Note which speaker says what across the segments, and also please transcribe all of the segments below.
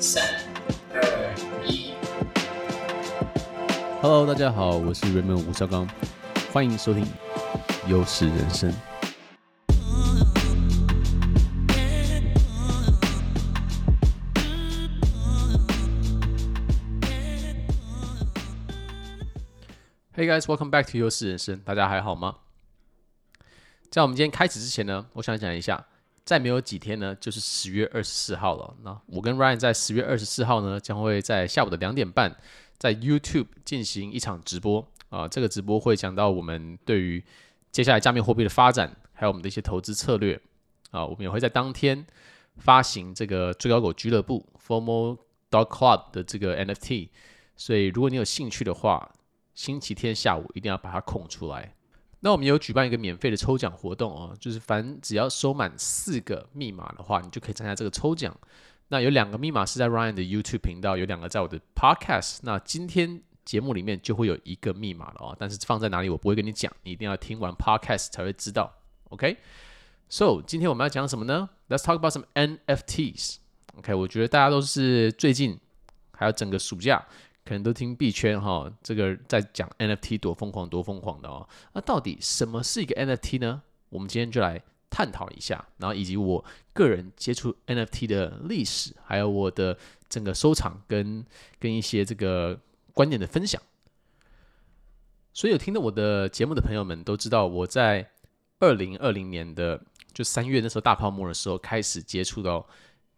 Speaker 1: 三二一，Hello，大家好，我是 Raymond 吳紹剛，歡迎收聽《優勢人生》。Hey guys，welcome back to《優勢人生》，大家還好嗎？在我們今天開始之前呢，我想講一下。再沒有幾天呢，就是十月二十四號了。那我跟 Ryan 在十月二十四號呢，將會在下午的兩點半，在 YouTube 進行一場直播啊。這個直播會講到我們對於接下來加密貨幣的發展，還有我們的一些投資策略啊。我們也會在當天發行這個最高狗俱樂部 （Formal Dog Club） 的這個 NFT。所以，如果你有興趣的話，星期天下午一定要把它空出來。那我們也有舉辦一個免費的抽獎活動哦，就是凡只要收滿四個密碼的話，你就可以參加這個抽獎。那有兩個密碼是在 Ryan 的 YouTube 頻道，有兩個在我的 Podcast。那今天節目裡面就會有一個密碼了哦，但是放在哪裡我不會跟你講，你一定要聽完 Podcast 才會知道。OK，So, okay? 今天我們要講什麼呢？Let's talk about some NFTs。OK，我覺得大家都是最近還有整個暑假，全都聽幣圈哈、哦，這個在講 NFT 多瘋狂多瘋狂的哦。那到底什麼是一個 NFT 呢？我們今天就來探討一下，然後以及我個人接觸 NFT 的歷史，還有我的整個收藏跟跟一些這個觀念的分享。所以有聽到我的節目的朋友們都知道，我在二零二零年的就三月那時候大泡沫的時候開始接觸到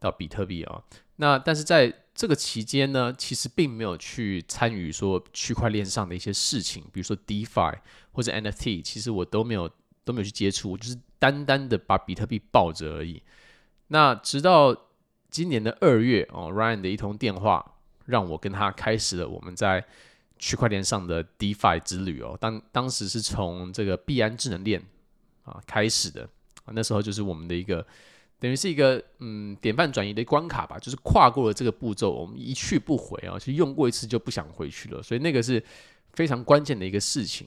Speaker 1: 到比特幣哦。那但是在這個期間呢，其實並沒有去參與說區塊鏈上的一些事情，比如說 DeFi 或者 NFT，其實我都沒有都沒有去接觸，我就是單單的把比特幣抱着而已。那直到今年的二月哦，Ryan 的一通電話讓我跟他開始了我們在區塊鏈上的 DeFi 之旅哦。當當時是從這個幣安智能鏈啊開始的，啊，那時候就是我們的一個。等於是一個嗯，典範轉移的關卡吧，就是跨過了這個步驟，我們一去不回啊，其實用過一次就不想回去了，所以那個是非常關鍵的一個事情。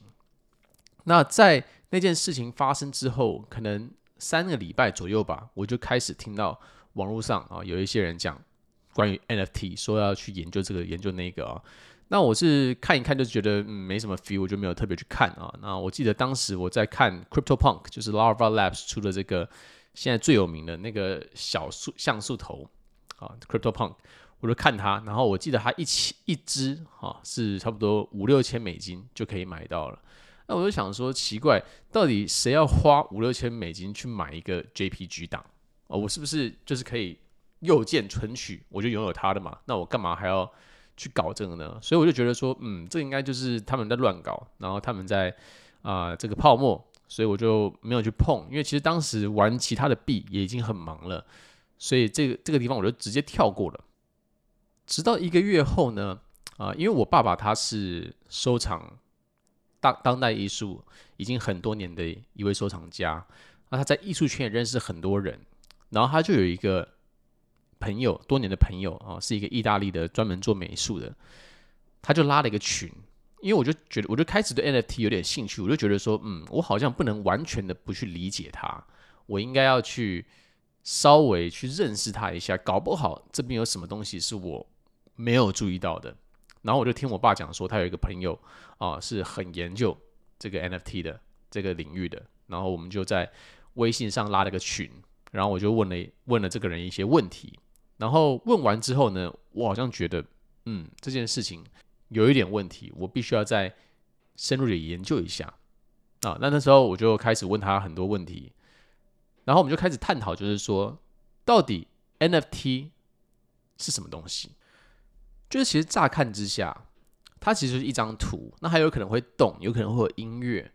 Speaker 1: 那在那件事情發生之後，可能三個禮拜左右吧，我就開始聽到網絡上啊有一些人講關於 NFT，說要去研究這個研究那個啊。那我是看一看就覺得，嗯，沒什麼 feel，我就沒有特別去看啊。那我記得當時我在看 Crypto Punk，就是 Larva Labs 出的這個。現在最有名的那個小樹像素頭啊，CryptoPunk，我就看它，然後我記得它一起一支哈、啊、是差不多五六千美金就可以買到了。那我就想說奇怪，到底誰要花五六千美金去買一個 JPG 檔啊？我是不是就是可以右鍵存取我就擁有它的嘛？那我幹嘛還要去搞這個呢？所以我就覺得說，嗯，這應該就是他們在亂搞，然後他們在啊、呃、這個泡沫。所以我就沒有去碰，因為其實當時玩其他的幣也已經很忙了，所以這個這個地方我就直接跳過了。直到一個月後呢，啊、呃，因為我爸爸他是收藏當當代藝術已經很多年的一位收藏家，那他在藝術圈也認識很多人，然後他就有一個朋友多年的朋友啊、呃，是一個意大利的專門做美術的，他就拉了一個群。因為我就覺得，我就開始對 NFT 有點興趣，我就覺得說，嗯，我好像不能完全的不去理解它，我應該要去稍微去認識它一下，搞不好這邊有什麼東西是我沒有注意到的。然後我就聽我爸講說，他有一個朋友啊，是很研究這個 NFT 的這個領域的。然後我們就在微信上拉了個群，然後我就問了問了這個人一些問題，然後問完之後呢，我好像覺得，嗯，這件事情。有一點問題，我必須要再深入的研究一下啊！那那時候我就開始問他很多問題，然後我們就開始探討，就是說到底 NFT 是什麼東西？就是其實乍看之下，它其實是一張圖，那還有可能會動，有可能會有音樂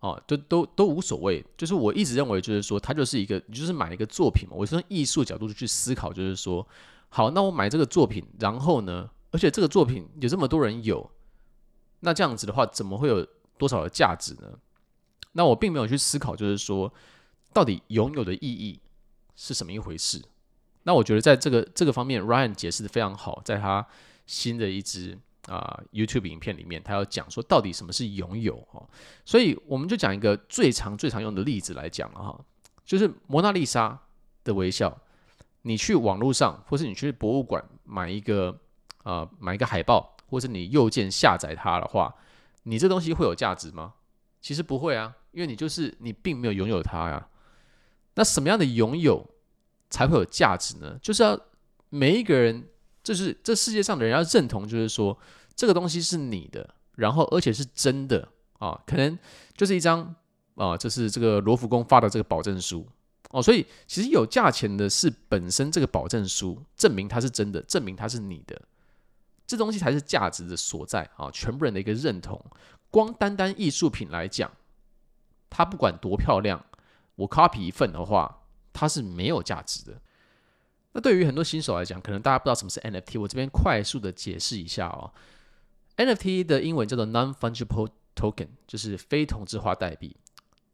Speaker 1: 哦，啊、就都都都無所謂。就是我一直認為，就是說它就是一個，就是買一個作品嘛。我是從藝術角度去思考，就是說，好，那我買這個作品，然後呢？而且這個作品有這麼多人有，那這樣子的話，怎麼會有多少的價值呢？那我並沒有去思考，就是說到底擁有的意義是什麼一回事？那我覺得在這個這個方面，Ryan 解釋的非常好，在他新的一支啊、呃、YouTube 影片裡面，他要講說到底什麼是擁有哦。所以我們就講一個最常最常用的例子來講了哈，就是《蒙娜麗莎》的微笑。你去網絡上，或是你去博物館買一個。啊、呃，買一個海報，或者你右鍵下載它的話，你這東西會有價值嗎？其實不會啊，因為你就是你並沒有擁有它啊。那什麼樣的擁有才會有價值呢？就是要每一個人，就是這世界上的人要認同，就是說這個東西是你的，然後而且是真的啊、呃。可能就是一張啊、呃，就是這個羅浮宮發的這個保證書哦、呃。所以其實有價錢的是本身這個保證書，證明它是真的，證明它是你的。這東西才是價值的所在啊、哦！全部人的一個認同。光單單藝術品來講，它不管多漂亮，我 copy 一份的話，它是沒有價值的。那對於很多新手來講，可能大家不知道什麼是 NFT，我這邊快速的解釋一下哦。NFT 的英文叫做 Non-Fungible Token，就是非同質化代幣。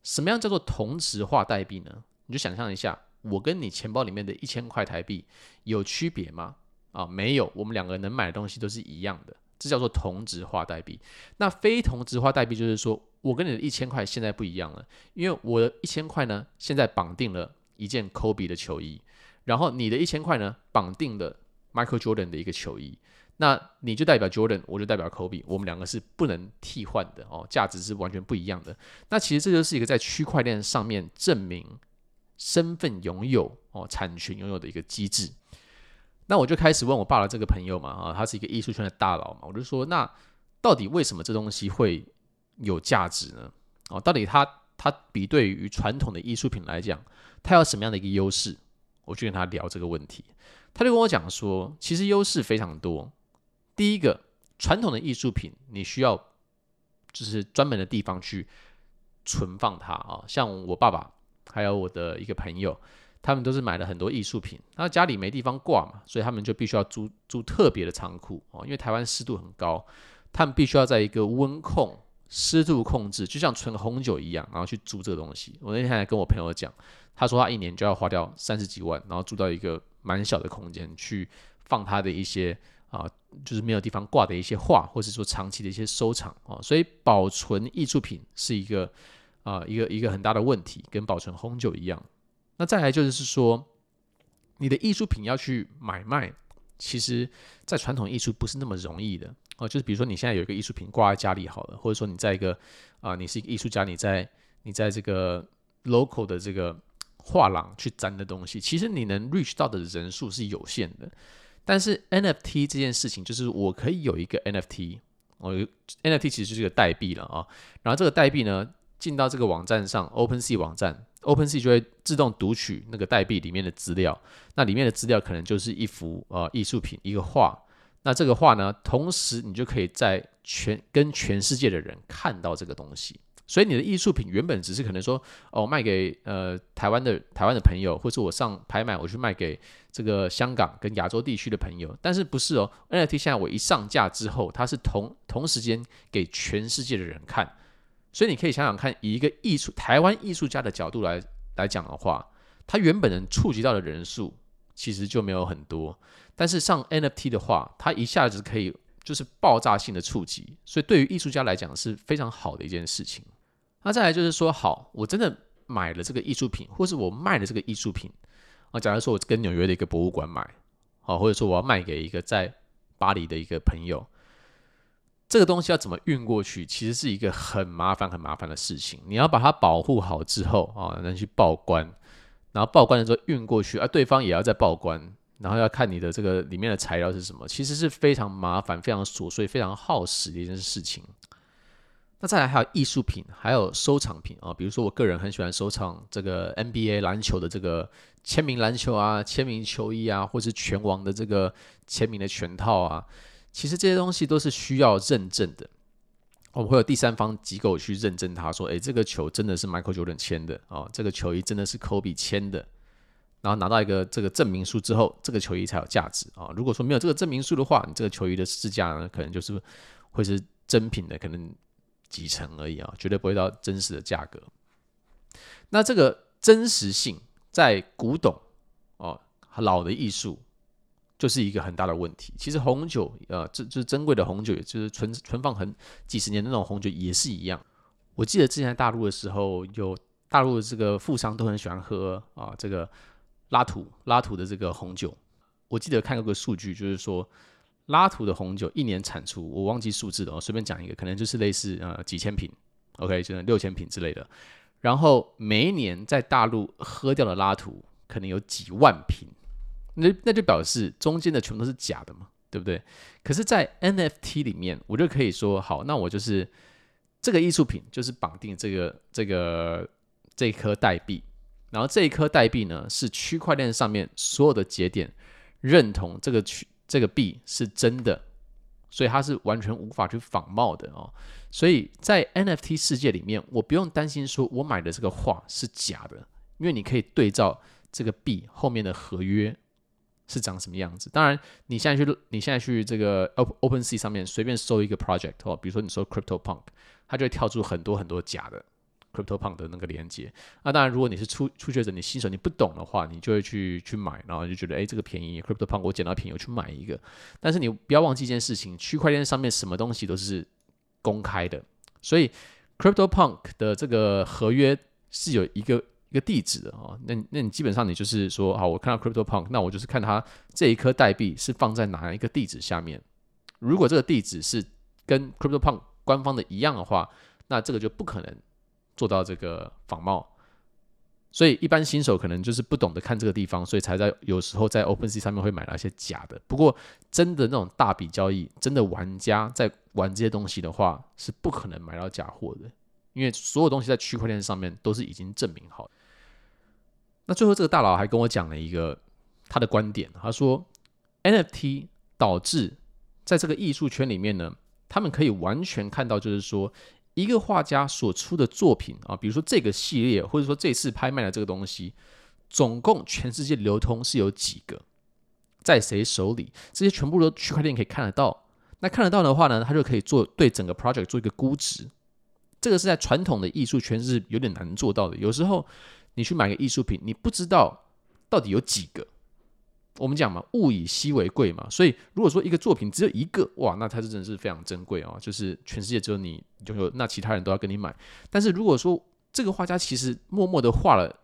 Speaker 1: 什麼樣叫做同質化代幣呢？你就想象一下，我跟你錢包裡面的一千塊台幣有區別嗎？啊、哦，沒有，我們兩個能買的東西都是一樣的，這叫做同值化代幣。那非同值化代幣就是說我跟你的一千塊現在不一樣了，因為我的一千塊呢現在綁定了一件 Kobe 的球衣，然後你的一千塊呢綁定了 Michael Jordan 的一個球衣，那你就代表 Jordan，我就代表 Kobe，我們兩個是不能替換的哦，價值是完全不一樣的。那其實這就是一個在區塊鏈上面證明身份擁有哦產權擁有的一個機制。那我就開始問我爸的這個朋友嘛，啊，他是一個藝術圈的大佬嘛，我就說，那到底為什麼這東西會有價值呢？哦，到底他他比對於傳統的藝術品來講，他有什麼樣的一個優勢？我就跟他聊這個問題，他就跟我講說，其實優勢非常多。第一個，傳統的藝術品你需要就是專門的地方去存放它啊，像我爸爸還有我的一個朋友。他們都是買了很多藝術品，他家裡沒地方掛嘛，所以他們就必須要租租特別的倉庫哦，因為台灣濕度很高，他們必須要在一個溫控、濕度控制，就像存紅酒一樣，然後去租這個東西。我那天還跟我朋友講，他說他一年就要花掉三十幾萬，然後租到一個蠻小的空間去放他的一些啊、呃，就是沒有地方掛的一些畫，或者說長期的一些收藏啊、哦。所以保存藝術品是一個啊、呃，一個一個很大的問題，跟保存紅酒一樣。那再來就是說，你的藝術品要去買賣，其實，在傳統藝術不是那麼容易的哦。就是比如說，你現在有一個藝術品掛在家裡好了，或者說你在一個啊、呃，你是一個藝術家，你在你在這個 local 的這個畫廊去展的東西，其實你能 reach 到的人數是有限的。但是 NFT 這件事情，就是我可以有一個 NFT，我有 NFT 其實就是一個代幣了啊、哦。然後這個代幣呢，進到這個網站上，OpenSea 網站。OpenSea 就會自動讀取那個代幣裡面的資料，那裡面的資料可能就是一幅呃藝術品，一個畫。那這個畫呢，同時你就可以在全跟全世界的人看到這個東西。所以你的藝術品原本只是可能說哦，賣給呃台灣的台灣的朋友，或是我上拍賣我去賣給這個香港跟亞洲地區的朋友，但是不是哦？NFT 現在我一上架之後，它是同同時間給全世界的人看。所以你可以想想看，以一個藝術、台灣藝術家的角度來來講的話，他原本能觸及到的人數其實就沒有很多。但是上 NFT 的話，它一下子可以就是爆炸性的觸及，所以對於藝術家來講是非常好的一件事情。那再來就是說，好，我真的買了這個藝術品，或是我賣了這個藝術品。啊，假如說我跟紐約的一個博物館買，好，啊，或者說我要賣給一個在巴黎的一個朋友。這個東西要怎麼運過去，其實是一個很麻煩、很麻煩的事情。你要把它保護好之後啊，能去報關，然後報關的時候運過去啊，而對方也要再報關，然後要看你的這個裡面的材料是什麼，其實是非常麻煩、非常瑣碎、非常耗時的一件事情。那再來還有藝術品，還有收藏品啊，比如說我個人很喜歡收藏這個 NBA 籃球的這個簽名籃球啊，簽名球衣啊，或是拳王的這個簽名的拳套啊。其實這些東西都是需要認證的，我們會有第三方機構去認證它，說：“誒，這個球真的是 Michael Jordan 簽的啊，哦，這個球衣真的是 Kobe 簽的。”然後拿到一個這個證明書之後，這個球衣才有價值啊，哦。如果說沒有這個證明書的話，你這個球衣的市價呢，可能就是會是真品的，可能幾成而已啊，哦，絕對不會到真實的價格。那這個真實性在古董哦，老的藝術。就是一個很大的問題。其實紅酒，呃，這這是珍貴的紅酒，就是存存放很幾十年那種紅酒也是一樣。我記得之前在大陸的時候，有大陸的這個富商都很喜歡喝啊、呃，這個拉圖拉圖的這個紅酒。我記得看過一個數據，就是說拉圖的紅酒一年產出，我忘記數字了，我隨便講一個，可能就是類似呃幾千瓶，OK，就六千瓶之類的。然後每一年在大陸喝掉的拉圖可能有幾萬瓶。那那就表示中間的全部都是假的嘛，對不對？可是，在 NFT 裡面，我就可以說好，那我就是這個藝術品，就是綁定這個這個這一顆代幣，然後這一顆代幣呢，是區塊鏈上面所有的節點認同這個區這個幣是真的，所以它是完全無法去仿冒的哦。所以在 NFT 世界裡面，我不用擔心說我買的這個畫是假的，因為你可以對照這個幣後面的合約。是長什麼樣子？當然，你現在去，你現在去這個 OpenSea 上面隨便搜一個 project 哦，比如說你搜 Crypto Punk，它就會跳出很多很多假的 Crypto Punk 的那個鏈接。那當然，如果你是初初學者，你新手，你不懂的話，你就會去去買，然後你就覺得哎，這個便宜，Crypto Punk 我撿到便宜，我去買一個。但是你不要忘記一件事情，區塊鏈上面什麼東西都是公開的，所以 Crypto Punk 的這個合約是有一個。一個地址的哦，那那你基本上你就是說，好，我看到 CryptoPunk，那我就是看它這一顆代幣是放在哪一個地址下面。如果這個地址是跟 CryptoPunk 官方的一樣的話，那這個就不可能做到這個仿冒。所以一般新手可能就是不懂得看這個地方，所以才在有時候在 OpenSea 上面會買到一些假的。不過真的那種大筆交易，真的玩家在玩這些東西的話，是不可能買到假貨的，因為所有東西在區塊鏈上面都是已經證明好的。那最後，這個大佬還跟我講了一個他的觀點，他說 NFT 導致在這個藝術圈裡面呢，他們可以完全看到，就是說一個畫家所出的作品啊，比如說這個系列，或者說這次拍賣的這個東西，總共全世界流通是有幾個，在誰手裡，這些全部都區塊鏈可以看得到。那看得到的話呢，他就可以做對整個 project 做一個估值。這個是在傳統的藝術圈是有點難做到的，有時候。你去買個藝術品，你不知道到底有幾個。我們講嘛，物以稀為貴嘛。所以如果說一個作品只有一個，哇，那它是真的是非常珍貴哦。就是全世界只有你，就有，那其他人都要跟你買。但是如果說這個畫家其實默默的畫了，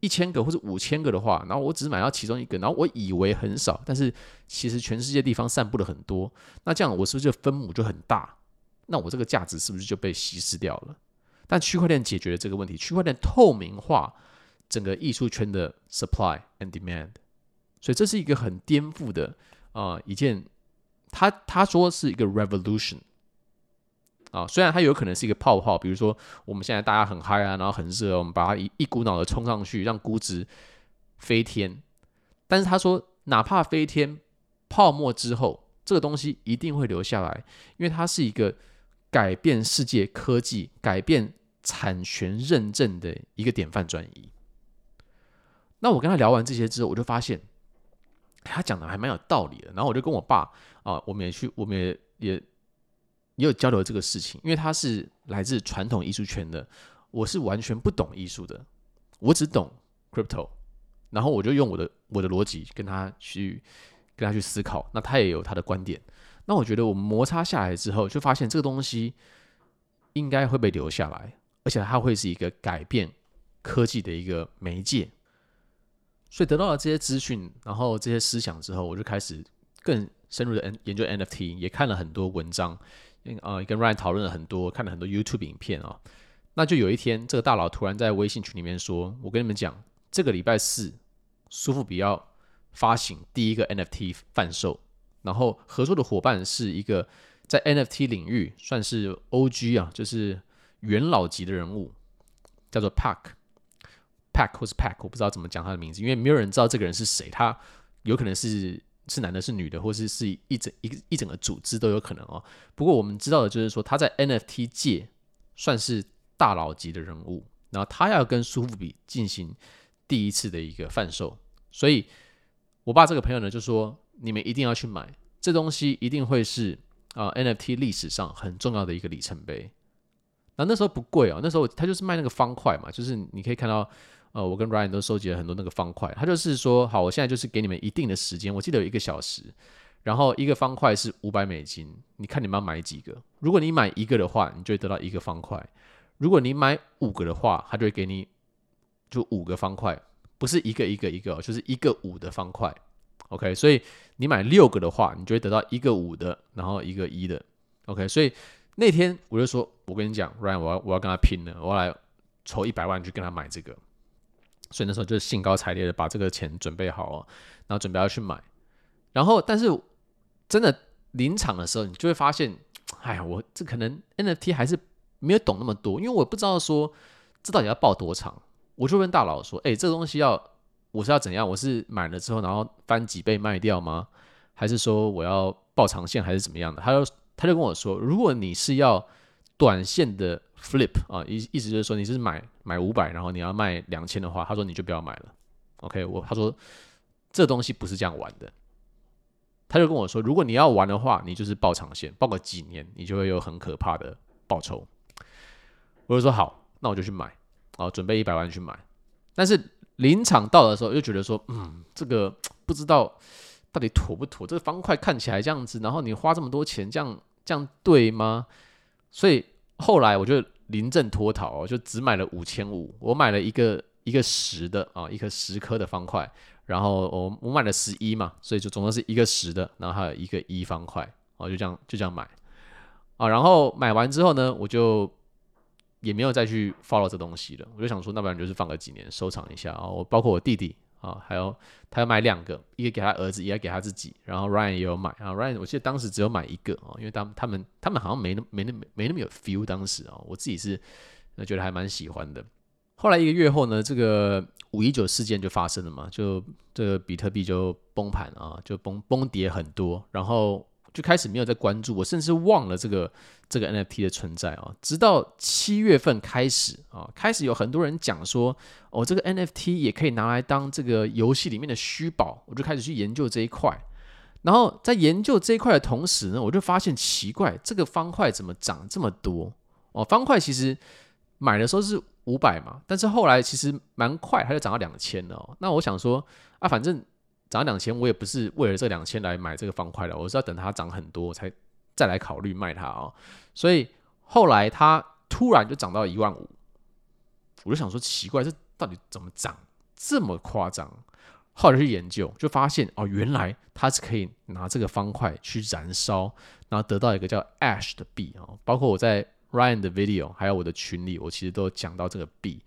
Speaker 1: 一千個或者五千個的話，然後我只買到其中一個，然後我以為很少，但是其實全世界地方散布了很多。那這樣我是不是就分母就很大？那我這個價值是不是就被稀釋掉了？但區塊鏈解決了這個問題，區塊鏈透明化整個藝術圈的 supply and demand，所以這是一個很顛覆的啊、呃、一件，他他說是一個 revolution 啊，雖然它有可能是一個泡泡，比如說我們現在大家很嗨啊，然後很熱，我們把它一一股腦的衝上去，讓估值飛天，但是他說哪怕飛天泡沫之後，這個東西一定會留下來，因為它是一個。改變世界科技、改變產權認證的一個典範轉移。那我跟他聊完這些之後，我就發現他講的還蠻有道理的。然後我就跟我爸啊，我們也去，我們也也也有交流這個事情，因為他是來自傳統藝術圈的，我是完全不懂藝術的，我只懂 crypto。然後我就用我的我的邏輯跟他去跟他去思考，那他也有他的觀點。那我覺得，我摩擦下來之後，就發現這個東西應該會被留下來，而且它會是一個改變科技的一個媒介。所以得到了這些資訊，然後這些思想之後，我就開始更深入的 N 研究 NFT，也看了很多文章，呃，跟 Ryan 討論了很多，看了很多 YouTube 影片啊、哦。那就有一天，這個大佬突然在微信群裡面說：“我跟你們講，這個禮拜四，蘇富比要發行第一個 NFT 販售。”然後合作的夥伴是一個在 NFT 領域算是 OG 啊，就是元老級的人物，叫做 Pak，Pak 或是 Pak，我不知道怎麼講他的名字，因為沒有人知道這個人是誰。他有可能是是男的，是女的，或是是一整一一整個組織都有可能哦。不過我們知道的就是說他在 NFT 界算是大佬級的人物。然後他要跟蘇富比進行第一次的一個販售，所以我爸這個朋友呢就說，你們一定要去買這東西，一定會是啊、呃、NFT 歷史上很重要的一個里程碑。那、啊、那時候不貴哦，那時候他就是賣那個方塊嘛，就是你可以看到，呃，我跟 Ryan 都收集了很多那個方塊。他就是說，好，我現在就是給你們一定的時間，我記得有一個小時，然後一個方塊是五百美金，你看你們要買幾個？如果你買一個的話，你就得到一個方塊；如果你買五個的話，他就會給你就五個方塊，不是一個一個一個，就是一個五的方塊。OK，所以你買六個的話，你就會得到一個五的，然後一個一的。OK，所以那天我就說，我跟你講，Ryan，我要我要跟他拼了，我要來籌一百萬去跟他買這個。所以那時候就興高采烈的把這個錢準備好，然後準備要去買。然後，但是真的臨場的時候，你就會發現，哎呀，我這可能 NFT 還是沒有懂那麼多，因為我不知道說這到底要報多長。我就問大佬說，哎，這個東西要。我是要怎樣？我是買了之後，然後翻幾倍賣掉嗎？還是說我要抱長線，還是怎麼樣的？他就他就跟我說，如果你是要短線的 flip 啊，意意思就是說，你是買買五百，然後你要賣兩千的話，他說你就不要買了。OK，我他說這東西不是這樣玩的。他就跟我說，如果你要玩的話，你就是抱長線，抱個幾年，你就會有很可怕的報酬。我就說好，那我就去買，啊，準備一百萬去買，但是，臨場到的時候又覺得說，嗯，這個不知道到底妥不妥？這個方塊看起來這樣子，然後你花這麼多錢這樣這樣對嗎？所以後來我就臨陣脫逃，就只買了五千五。我買了一個一個十的啊，一個十顆的方塊，然後我我買了十一嘛，所以就總共是一個十的，然後還有一個一方塊，哦、啊，就這樣就這樣買啊。然後買完之後呢，我就。也沒有再去 follow 這東西了，我就想說，那不然就是放個幾年收藏一下啊、哦。我包括我弟弟啊、哦，還有他要買兩個，一個給他兒子，一個給他自己。然後 Ryan 也有買啊，Ryan 我記得當時只有買一個啊、哦，因為當他們他們好像沒那沒那沒沒那麼有 feel 當時啊、哦，我自己是覺得還蠻喜歡的。後來一個月後呢，這個五一九事件就發生了嘛，就這個比特幣就崩盤啊、哦，就崩崩跌很多，然後。就開始沒有在關注，我甚至忘了這個這個 NFT 的存在哦，直到七月份開始啊，哦，開始有很多人講說，哦，這個 NFT 也可以拿來當這個遊戲裡面的虛寶，我就開始去研究這一塊。然後在研究這一塊的同時呢，我就發現奇怪，這個方塊怎麼漲這麼多哦？方塊其實買的時候是五百嘛，但是後來其實蠻快，它就漲到兩千了哦。那我想說啊，反正。漲兩千，我也不是為了這兩千來買這個方塊的，我是要等它漲很多我才再來考慮賣它哦。所以後來它突然就漲到一萬五，我就想說奇怪，這到底怎麼漲這麼誇張？後來去研究，就發現哦，原來它是可以拿這個方塊去燃燒，然後得到一個叫 Ash 的幣哦。包括我在 Ryan 的 video，還有我的群裡，我其實都講到這個幣。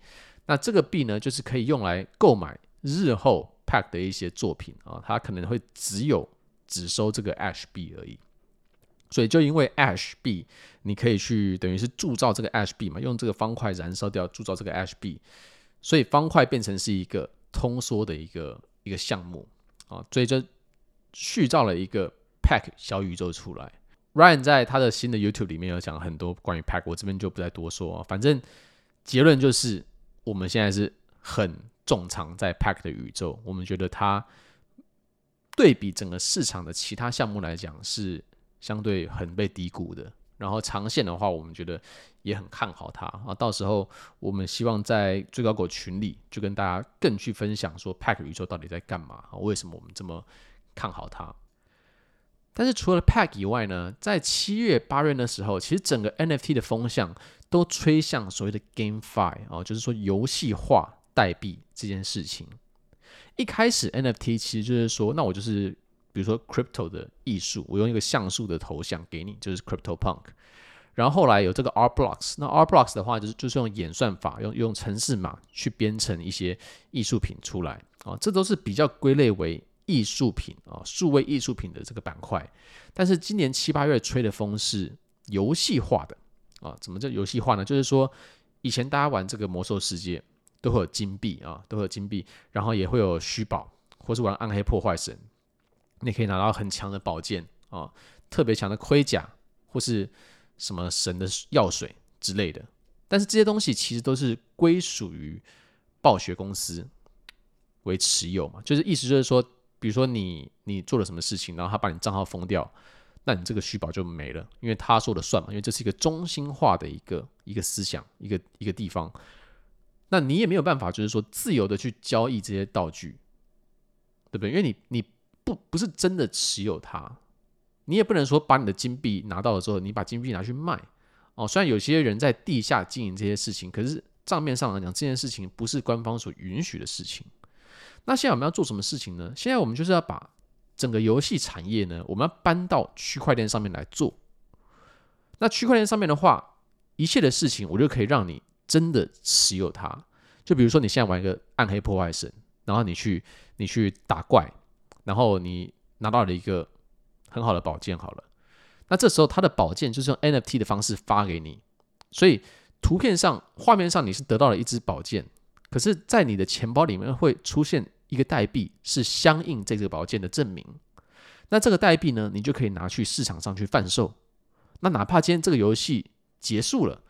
Speaker 1: 那這個幣呢，就是可以用來購買日後。Pack 的一些作品啊，他可能會只有只收這個 Ash B 而已，所以就因為 Ash B，你可以去等於是鑄造這個 Ash B 嘛，用這個方塊燃燒掉鑄造這個 Ash B。所以方塊變成是一個通縮的一個一個項目啊，所以就塑造了一個 Pack 小宇宙出來。Ryan 在他的新的 YouTube 裡面有講很多關於 Pack，我這邊就不再多說，哦，反正結論就是我們現在是很重倉在 Pack 的宇宙，我們覺得它對比整個市場的其他項目來講是相對很被低估的。然後長線的話，我們覺得也很看好它啊。到時候我們希望在最高狗群裡就跟大家更去分享說 Pack 宇宙到底在幹嘛，為什麼我們這麼看好它？但是除了 Pack 以外呢，在七月八月那時候，其實整個 NFT 的風向都吹向所謂的 GameFi 啊，就是說遊戲化。代幣這件事情，一開始 NFT 其實就是說，那我就是比如說 Crypto 的藝術，我用一個像素的頭像給你，就是 Crypto Punk。然後後來有這個 Art Blocks，那 Art Blocks 的話就是就是用演算法，用用程式碼去編程一些藝術品出來啊，這都是比較歸類為藝術品啊，數位藝術品的這個板塊。但是今年七八月吹的風是遊戲化的啊，怎麼叫遊戲化呢？就是說以前大家玩這個魔獸世界。都會有金幣啊，都會有金幣，然後也會有虛寶，或是玩暗黑破壞神，你可以拿到很強的寶劍啊，特別強的盔甲，或是什麼神的藥水之類的。但是這些東西其實都是歸屬於暴雪公司為持有嘛，就是意思就是說，比如說你你做了什麼事情，然後他把你賬號封掉，那你這個虛寶就沒了，因為他說了算嘛，因為這是一個中心化的一個一個思想，一個一個地方。那你也沒有辦法，就是說自由的去交易這些道具，對不對？因為你你不不是真的持有它，你也不能說把你的金幣拿到了之後，你把金幣拿去賣哦。雖然有些人在地下經營這些事情，可是賬面上來講，這件事情不是官方所允許的事情。那現在我們要做什麼事情呢？現在我們就是要把整個遊戲產業呢，我們要搬到區塊鏈上面來做。那區塊鏈上面的話，一切的事情我就可以讓你。真的持有它，就比如說你現在玩一個暗黑破壞神，然後你去你去打怪，然後你拿到了一個很好的寶劍，好了，那這時候它的寶劍就是用 NFT 的方式發給你，所以圖片上畫面上你是得到了一支寶劍，可是，在你的錢包裡面會出現一個代幣，是相應這支寶劍的證明。那這個代幣呢，你就可以拿去市場上去販售。那哪怕今天這個遊戲結束了。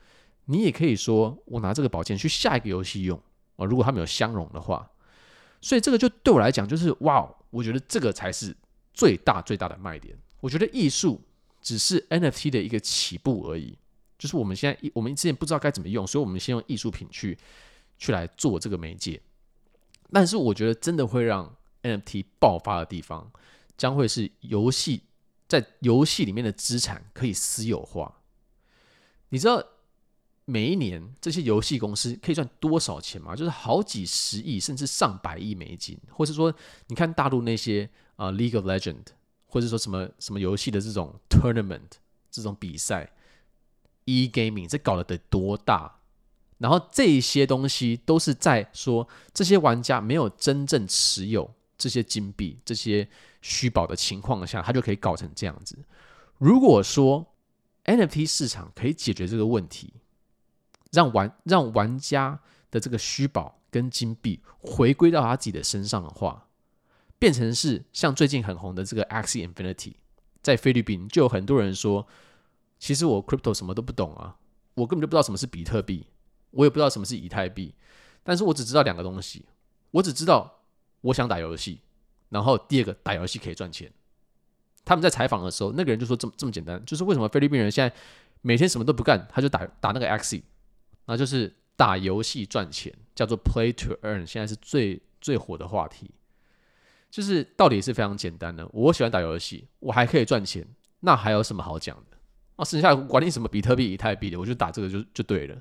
Speaker 1: 你也可以說，我拿這個寶劍去下一個遊戲用啊。如果他們有相容的話，所以這個就對我來講就是哇，我覺得這個才是最大最大的賣點。我覺得藝術只是 NFT 的一個起步而已，就是我們現在我們之前不知道該怎麼用，所以我們先用藝術品去去來做這個媒介。但是我覺得真的會讓 NFT 爆發的地方，將會是遊戲，在遊戲裡面的資產可以私有化。你知道？每一年，這些遊戲公司可以賺多少錢嘛？就是好幾十億，甚至上百億美金，或是說，你看大陸那些啊，呃，League of Legend，或者說什麼什麼遊戲的這種 tournament 這種比賽，e gaming 這搞了得得多大？然後這些東西都是在說，這些玩家沒有真正持有這些金幣、這些虛寶的情況下，他就可以搞成這樣子。如果說 NFT 市場可以解決這個問題。讓玩讓玩家的這個虛寶跟金幣回歸到他自己的身上的話，變成是像最近很紅的這個 Axie Infinity，在菲律賓就有很多人說，其實我 crypto 什麼都不懂啊，我根本就不知道什麼是比特幣，我也不知道什麼是以太幣，但是我只知道兩個東西，我只知道我想打遊戲，然後第二個打遊戲可以賺錢。他們在採訪的時候，那個人就說這麼這麼簡單，就是為什麼菲律賓人現在每天什麼都不幹，他就打打那個 Axie。那就是打遊戲賺錢，叫做 play to earn，現在是最最火的話題。就是道理是非常簡單的，我喜歡打遊戲，我還可以賺錢，那還有什麼好講的？那、啊、剩下管你什麼比特幣、以太幣的，我就打這個就就對了。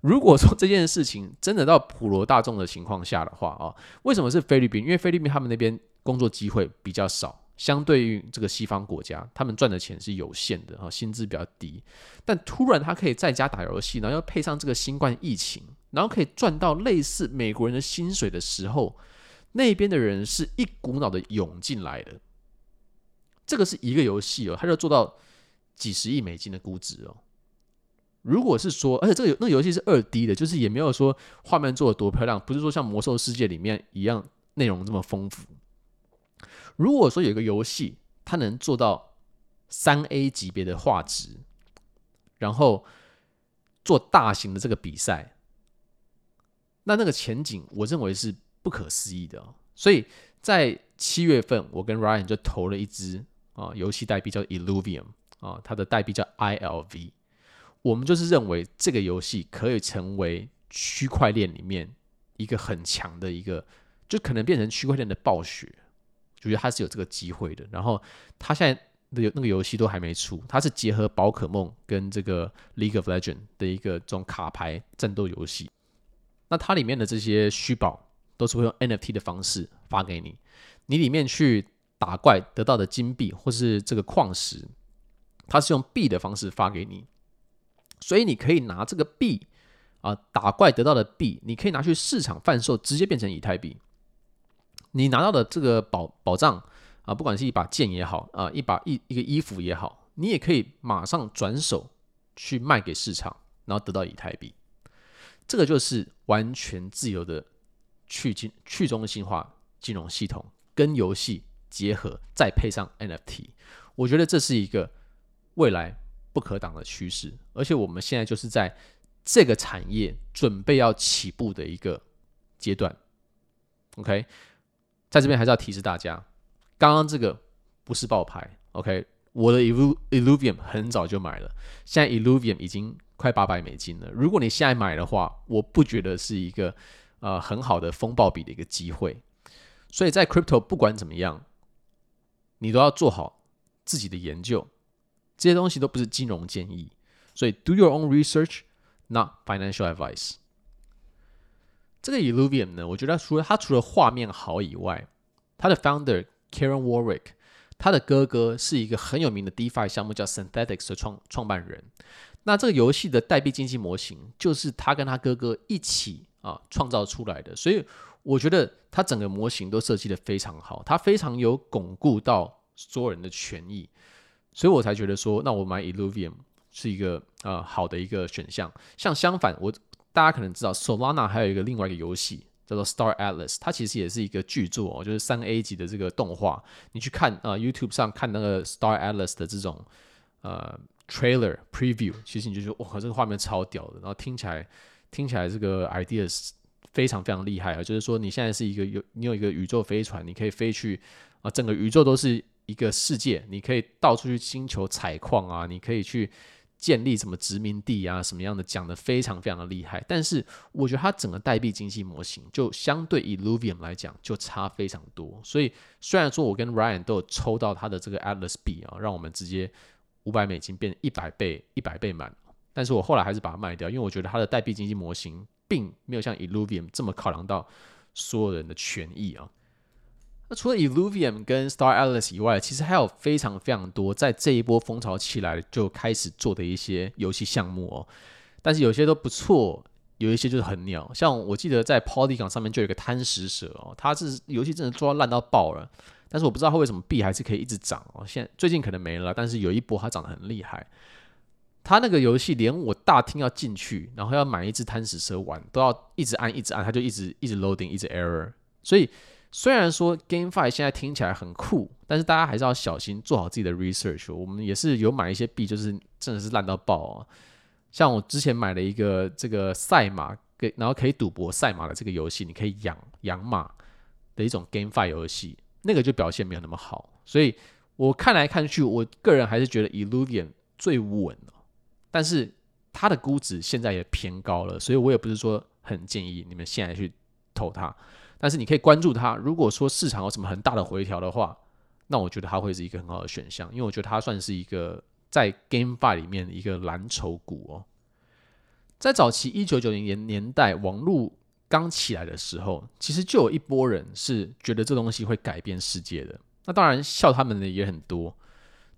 Speaker 1: 如果說這件事情真的到普羅大眾的情況下的話啊，為什麼是菲律賓？因為菲律賓他們那邊工作機會比較少。相對於這個西方國家，他們賺的錢是有限的啊，哦，薪資比較低。但突然他可以在家打遊戲，然後又配上這個新冠疫情，然後可以賺到類似美國人的薪水的時候，那邊的人是一股腦的湧進來的。這個是一個遊戲哦，他就做到幾十億美金的估值哦。如果是說，而且這個那個遊戲是二 D 的，就是也沒有說畫面做得多漂亮，不是說像《魔獸世界》裡面一樣，內容這麼豐富。如果說有個遊戲，它能做到三 A 級別的畫質，然後做大型的這個比賽，那那個前景我認為是不可思議的。所以在七月份，我跟 Ryan 就投了一支啊遊戲代幣叫 Illuvium 啊，它的代幣叫 ILV。我們就是認為這個遊戲可以成為區塊鏈裡面一個很強的一個，就可能變成區塊鏈的暴雪。我覺得它是有這個機會的，然後它現在的那個遊戲都還沒出，它是結合寶可夢跟這個 League of Legends 的一個這種卡牌戰鬥遊戲。那它裡面的這些虛寶都是會用 NFT 的方式發給你，你裡面去打怪得到的金幣或是這個礦石，它是用幣的方式發給你，所以你可以拿這個幣啊，打怪得到的幣，你可以拿去市場販售，直接變成以太幣。你拿到的這個寶寶藏啊，不管是一把劍也好啊，一把一一個衣服也好，你也可以馬上轉手去賣給市場，然後得到以太幣。這個就是完全自由的去進去中心化金融系統跟遊戲結合，再配上 NFT，我覺得這是一個未來不可擋的趨勢。而且我們現在就是在這個產業準備要起步的一個階段。OK。在這邊還是要提示大家，剛剛這個不是報牌，OK，我的 Illuvium 很早就買了，現在 Illuvium 已經快八百美金了。如果你現在買的話，我不覺得是一個呃很好的風報比的一個機會。所以在 Crypto 不管怎麼樣，你都要做好自己的研究，這些東西都不是金融建議，所以 Do your own research，not financial advice。這個 Illuvium 呢，我覺得他除了它除了畫面好以外，它的 founder Kieran Warwick，他的哥哥是一個很有名的 DeFi 項目叫 Synthetix 的創創辦人。那這個遊戲的代幣經濟模型就是他跟他哥哥一起啊創造出來的，所以我覺得他整個模型都設計得非常好，他非常有鞏固到所有人的權益，所以我才覺得說，那我買 Illuvium 是一個啊、呃、好的一個選項。像相反我。大家可能知道，Solana 還有一個另外一個遊戲叫做 Star Atlas，它其實也是一個巨作哦，就是三 A 級的這個動畫。你去看啊，呃，YouTube 上看那個 Star Atlas 的這種呃 trailer preview，其實你就覺得哇，這個畫面超屌的。然後聽起來聽起來這個 idea 非常非常厲害啊，就是說你現在是一個有你有一個宇宙飛船，你可以飛去啊，呃，整個宇宙都是一個世界，你可以到處去星球採礦啊，你可以去。建立什麼殖民地啊，什麼樣的講得非常非常的厲害，但是我覺得它整個代幣經濟模型就相對 Illuvium 來講就差非常多。所以雖然說我跟 Ryan 都有抽到他的這個 Atlas B 啊，讓我們直接五百美金變一百倍，一百倍滿，但是我後來還是把它賣掉，因為我覺得它的代幣經濟模型並沒有像 Illuvium 這麼考量到所有人的權益啊。那除了 Illuvium 跟 Star Atlas 以外，其實還有非常非常多在這一波風潮起來就開始做的一些遊戲項目哦。但是有些都不錯，有一些就是很鳥。像我記得在 Polygon 上面就有一個貪食蛇哦，它是遊戲真的做到爛到爆了。但是我不知道它為什麼幣還是可以一直漲哦。現最近可能沒了，但是有一波它漲得很厲害。它那個遊戲連我大廳要進去，然後要買一隻貪食蛇玩，都要一直按一直按，它就一直一直 loading 一直 error，所以。雖然說 GameFi 現在聽起來很酷，但是大家還是要小心，做好自己的 research。我們也是有買一些幣，就是真的是爛到爆哦。像我之前買了一個這個賽馬，給，然後可以賭博賽馬的這個遊戲，你可以養養馬的一種 GameFi 遊戲，那個就表現沒有那麼好。所以我看來看去，我個人還是覺得 Illuvian 最穩，但是它的估值現在也偏高了，所以我也不是說很建議你們現在去投它。但是你可以關注它。如果說市場有什麼很大的回調的話，那我覺得它會是一個很好的選項，因為我覺得它算是一個在 GameFi 裡面一個藍籌股哦。在早期一九九零年年代，網絡剛起來的時候，其實就有一波人是覺得這東西會改變世界的。那當然笑他們的也很多。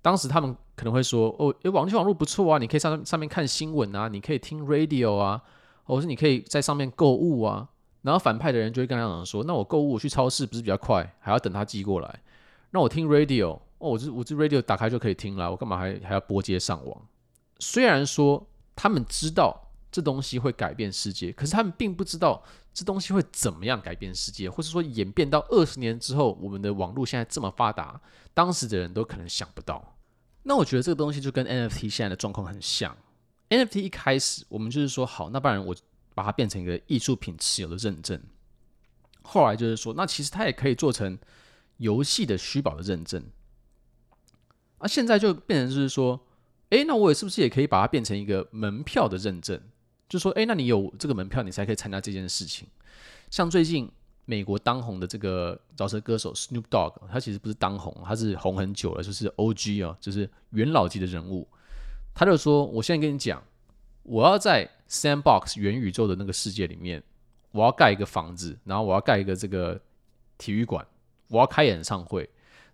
Speaker 1: 當時他們可能會說：“哦，誒、欸，網際網絡不錯啊，你可以上上面看新聞啊，你可以聽 Radio 啊，或是你可以在上面購物啊。”然後反派的人就會跟他講說：“那我購物我去超市不是比較快，還要等他寄過來。那我聽 radio 哦，我這我這 radio 打開就可以聽了。我幹嘛還還要撥接上網？雖然說他們知道這東西會改變世界，可是他們並不知道這東西會怎麼樣改變世界，或者說演變到二十年之後，我們的網絡現在這麼發達，當時的人都可能想不到。那我覺得這個東西就跟 NFT 現在的狀況很像。NFT 一開始我們就是說好，那不然我。”把它變成一個藝術品持有的認證，後來就是說，那其實它也可以做成遊戲的虛寶的認證那、啊、現在就變成就是說，哎、欸，那我也是不是也可以把它變成一個門票的認證？就是說，哎、欸，那你有這個門票，你才可以參加這件事情。像最近美國當紅的這個饒舌歌手 Snoop Dogg，他其實不是當紅，他是紅很久了，就是 OG 哦，就是元老級的人物。他就說：“我現在跟你講，我要在。” Sandbox 元宇宙的那個世界裡面，我要蓋一個房子，然後我要蓋一個這個體育館，我要開演唱會，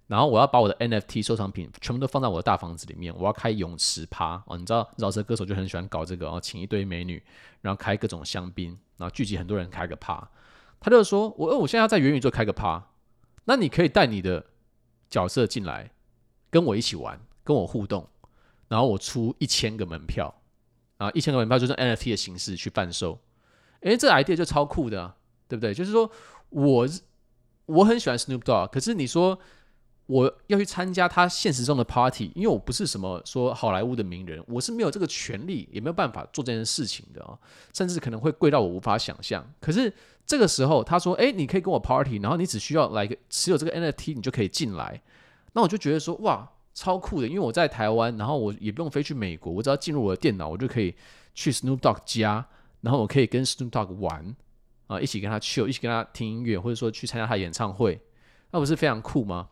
Speaker 1: 然後我要把我的 NFT 收藏品全部都放在我的大房子裡面，我要開泳池趴哦，你知道饒舌歌手就很喜歡搞這個啊，然後請一堆美女，然後開各種香檳，然後聚集很多人開個趴。他就說我、哦，我現在要在元宇宙開個趴，那你可以帶你的角色進來跟我一起玩，跟我互動，然後我出一千個門票。啊，一千個門票就是 NFT 的形式去販售，誒、欸，這個、idea 就超酷的、啊，對不對？就是說，我我很喜歡 Snoop Dogg，可是你說我要去參加他現實中的 party，因為我不是什麼說好萊塢的名人，我是沒有這個權利，也沒有辦法做這件事情的啊、哦，甚至可能會貴到我無法想象。可是這個時候，他說，誒、欸，你可以跟我 party，然後你只需要來個持有這個 NFT，你就可以進來。那我就覺得說，哇！超酷的，因為我在台灣，然後我也不用飛去美國，我只要進入我的電腦，我就可以去 Snoop Dogg 家，然後我可以跟 Snoop Dogg 玩啊，一起跟他 chill，一起跟他聽音樂，或者說去參加他的演唱會，那不是非常酷嗎？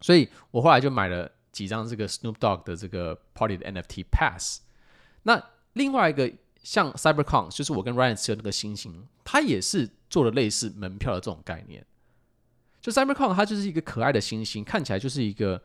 Speaker 1: 所以我後來就買了幾張這個 Snoop Dogg 的這個 Party 的 NFT Pass。那另外一個像 CyberCon，就是我跟 Ryan 持有的那個猩猩，它也是做了類似門票的這種概念。就 CyberCon，它就是一個可愛的猩猩，看起來就是一個。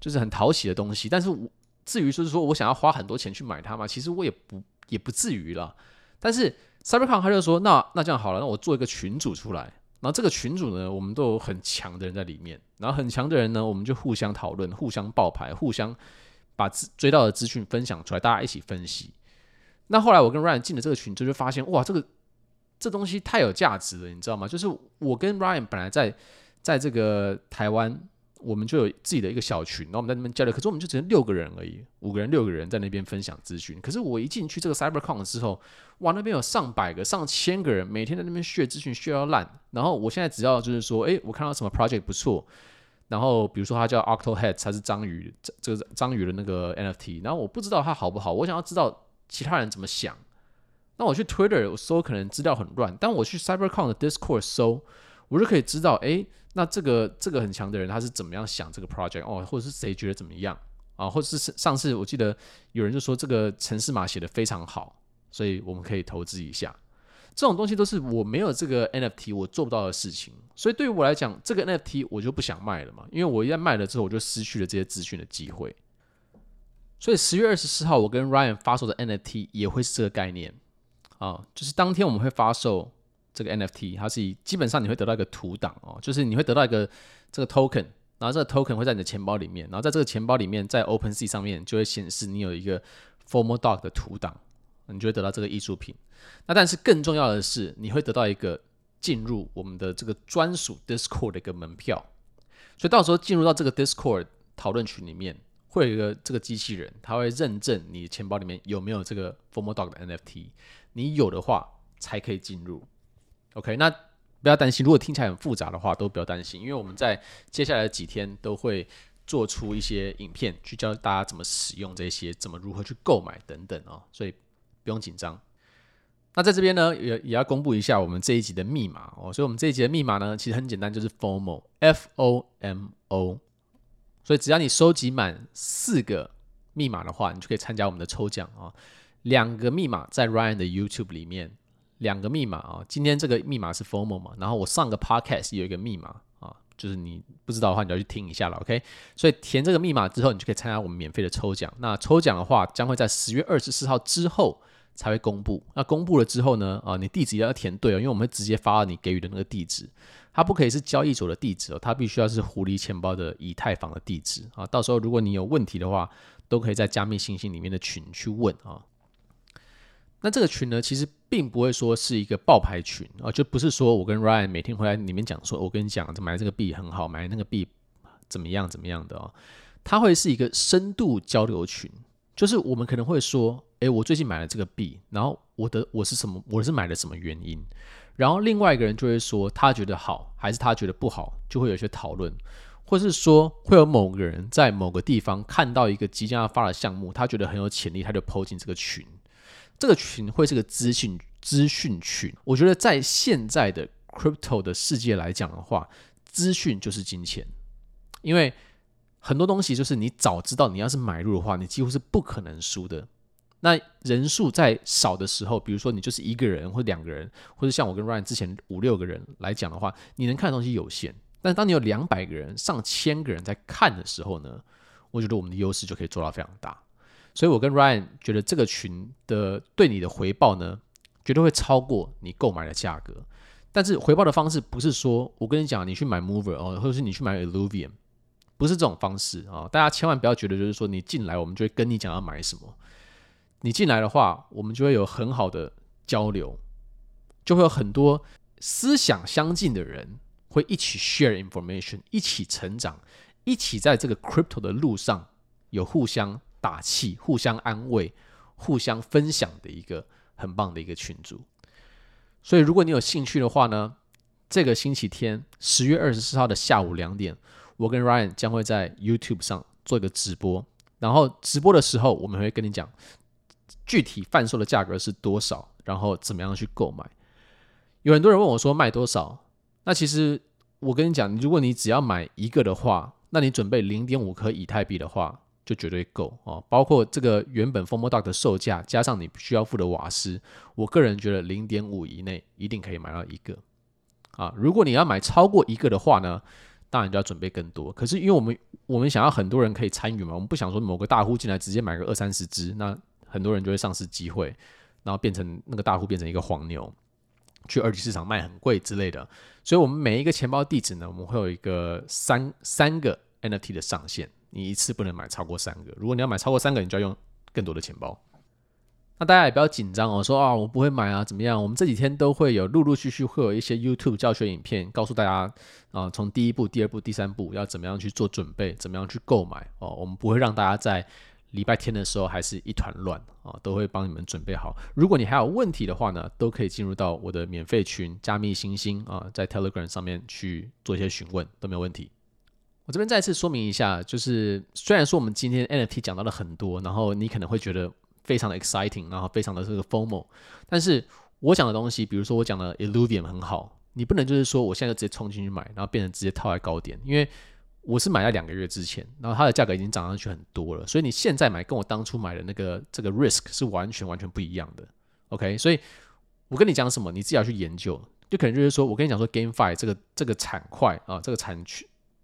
Speaker 1: 就是很討喜的東西，但是我至於說是說我想要花很多錢去買它嘛。其實我也不也不至於啦。但是 Cybercon 他就說，那那這樣好了，那我做一個群組出來，然後這個群組呢，我們都有很強的人在裡面，然後很強的人呢，我們就互相討論、互相爆牌、互相把追到的資訊分享出來，大家一起分析。那後來我跟 Ryan 進了這個群，就就發現，哇，這個這個東西太有價值了，你知道嗎？就是我跟 Ryan 本來在在這個台灣。我們就有自己的一個小群，然後我們在那邊交流。可是我們就只有六個人而已，五個人六個人在那邊分享資訊。可是我一進去這個 CyberCon 的時候，哇，那邊有上百個、上千個人，每天在那邊學資訊學到爛。然後我現在只要就是說，誒、欸，我看到什麼 project 不錯，然後比如說他叫 Octo Head，它是章魚這這個章魚的那個 NFT，然後我不知道他好不好，我想要知道其他人怎麼想。那我去 Twitter 我搜，可能資料很亂；但我去 CyberCon 的 Discord 搜。我就可以知道，哎、欸，那這個這個很強的人，他是怎麼樣想這個 project 哦，或者是誰覺得怎麼樣啊？或者是上次我記得有人就說這個程式碼寫得非常好，所以我們可以投資一下。這種東西都是我沒有這個 NFT 我做不到的事情，所以對於我來講，這個 NFT 我就不想賣了嘛，因為我一旦賣了之後，我就失去了這些資訊的機會。所以十月二十四號我跟 Ryan 發售的 NFT 也會是這個概念啊，就是當天我們會發售。這個 NFT 它是以基本上你會得到一個圖檔哦，就是你會得到一個這個 token，然後這個 token 會在你的錢包裡面，然後在這個錢包裡面，在 OpenSea 上面就會顯示你有一個 Formal Dog 的圖檔，你就會得到這個藝術品。那但是更重要的是，你會得到一個進入我們的這個專屬 Discord 的一個門票，所以到時候進入到這個 Discord 討論群裡面，會有一個這個機器人，他會認證你錢包裡面有沒有這個 Formal Dog 的 NFT，你有的話才可以進入。OK，那不要擔心，如果聽起來很複雜的話，都不要擔心，因為我們在接下來的幾天都會做出一些影片，去教大家怎麼使用這些，怎麼如何去購買等等哦，所以不用緊張。那在這邊呢，也也要公布一下我們這一集的密碼哦，所以我們這一集的密碼呢，其實很簡單，就是 FOMO，F-O-M-O，所以只要你收集滿四個密碼的話，你就可以參加我們的抽獎啊、哦。兩個密碼在 Ryan 的 YouTube 裡面。兩個密碼啊、哦，今天這個密碼是 formal 嘛，然後我上個 Podcast 也有一個密碼啊，就是你不知道的話，你就要去聽一下了，OK？所以填這個密碼之後，你就可以參加我們免費的抽獎。那抽獎的話，將會在十月二十四號之後才會公布。那公布了之後呢，啊，你地址一定要填對哦，因為我們會直接發到你給予的那個地址，它不可以是交易所的地址哦，它必須要是狐狸錢包的以太坊的地址啊。到時候如果你有問題的話，都可以在加密猩猩裡面的群去問啊。那這個群呢，其實並不會說是一個爆牌群啊，就不是說我跟 Ryan 每天會在裡面講，說我跟你講，買這個幣很好，買那個幣怎麼樣怎麼樣的哦。它會是一個深度交流群，就是我們可能會說，誒、欸，我最近買了這個幣，然後我的我是什麼，我是買了什麼原因，然後另外一個人就會說他覺得好，還是他覺得不好，就會有一些討論，或是說會有某個人在某個地方看到一個即將要發的項目，他覺得很有潛力，他就 PO 進這個群。這個群會是個資訊資訊群，我覺得在現在的 crypto 的世界來講的話，資訊就是金錢，因為很多東西就是你早知道，你要是買入的話，你幾乎是不可能輸的。那人數在少的時候，比如說你就是一個人或兩個人，或者像我跟 Ryan 之前五六個人來講的話，你能看的東西有限。但當你有兩百個人、上千個人在看的時候呢，我覺得我們的優勢就可以做到非常大。所以，我跟 Ryan 覺得這個群的對你的回報呢，絕對會超過你購買的價格。但是，回報的方式不是說我跟你講，你去買 Mover 哦，或者是你去買 Illuvium，不是這種方式啊，哦。大家千萬不要覺得就是說你進來，我們就會跟你講要買什麼。你進來的話，我們就會有很好的交流，就會有很多思想相近的人會一起 share information，一起成長，一起在這個 crypto 的路上有互相打氣，互相安慰，互相分享的一個很棒的一個群組。所以，如果你有興趣的話呢，這個星期天十月二十四號的下午兩點，我跟 Ryan 將會在 YouTube 上做一個直播。然後直播的時候，我們會跟你講具體販售的價格是多少，然後怎麼樣去購買。有很多人問我說賣多少？那其實我跟你講，如果你只要買一個的話，那你準備零點五顆以太幣的話。就絕對夠啊！包括這個原本 Fomo Dog 的售價，加上你需要付的瓦斯，我個人覺得零點五以內一定可以買到一個啊！如果你要買超過一個的話呢，當然就要準備更多。可是因為我們我們想要很多人可以參與嘛，我們不想說某個大戶進來直接買個二三十隻，那很多人就會喪失機會，然後變成那個大戶變成一個黃牛，去二級市場賣很貴之類的。所以，我們每一個錢包地址呢，我們會有一個三三個 NFT 的上限。你一次不能買超過三個。如果你要買超過三個，你就要用更多的錢包。那大家也不要緊張哦，說啊我不會買啊怎麼樣？我們這幾天都會有陸陸續續會有一些 YouTube 教學影片，告訴大家啊從第一步、第二步、第三步要怎麼樣去做準備，怎麼樣去購買哦。我們不會讓大家在禮拜天的時候還是一團亂啊，都會幫你們準備好。如果你還有問題的話呢，都可以進入到我的免費群加密猩猩啊，在 Telegram 上面去做一些詢問都沒有問題。我這邊再次說明一下，就是雖然說我們今天 NFT 講到了很多，然後你可能會覺得非常的 exciting，然後非常的這個 fomo，但是我講的東西，比如說我講的 Illuvium 很好，你不能就是說我現在就直接衝進去買，然後變成直接套在高點，因為我是買在兩個月之前，然後它的價格已經漲上去很多了，所以你現在買跟我當初買的那個這個 risk 是完全完全不一樣的。OK，所以我跟你講什麼，你自己要去研究，就可能就是說我跟你講說 GameFi 這個這個產塊啊，這個產區。